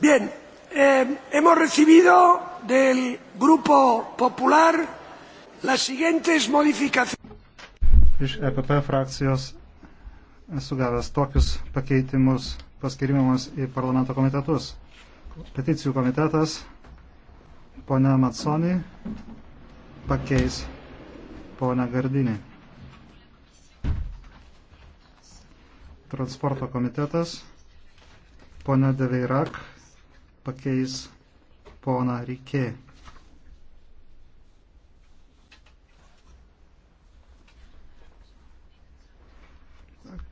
Bien, eh, hemos recibido del Grupo Popular las siguientes modificaciones. Iš EPP frakcijos esu gavęs tokius pakeitimus paskirimus į parlamento komitetus. Peticijų komitetas, ponia Matsoni, pakeis ponia Gardinį. Transporto komitetas, ponia Deveirak, pakeis poną Rikė.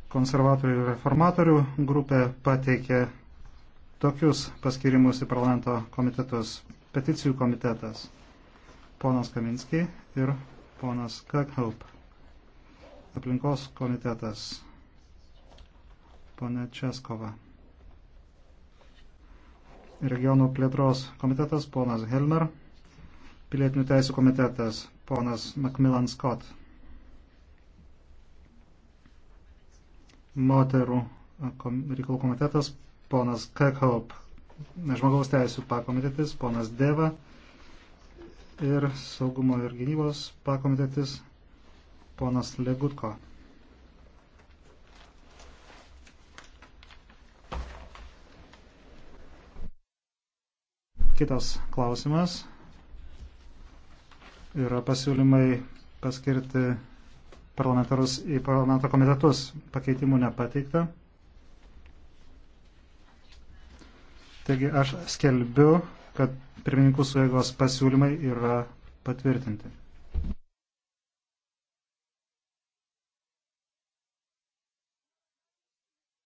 Konservatorių ir reformatorių grupė pateikė tokius paskirimus į parlamento komitetus. Peticijų komitetas. Ponas Kaminski ir ponas Kakhelp. Aplinkos komitetas. Pone Českova regionų plėtros komitetas, ponas Helmer, pilietinių teisų komitetas, ponas Macmillan Scott, moterų reikalų komitetas, ponas Kirkhope, žmogaus teisų pakomitetis, ponas Deva ir saugumo ir gynybos pakomitetis, ponas Legutko. Kitas klausimas yra pasiūlymai paskirti parlamentarus į parlamento komitetus. Pakeitimų nepateikta. Taigi aš skelbiu, kad pirmininkų suėgos pasiūlymai yra patvirtinti.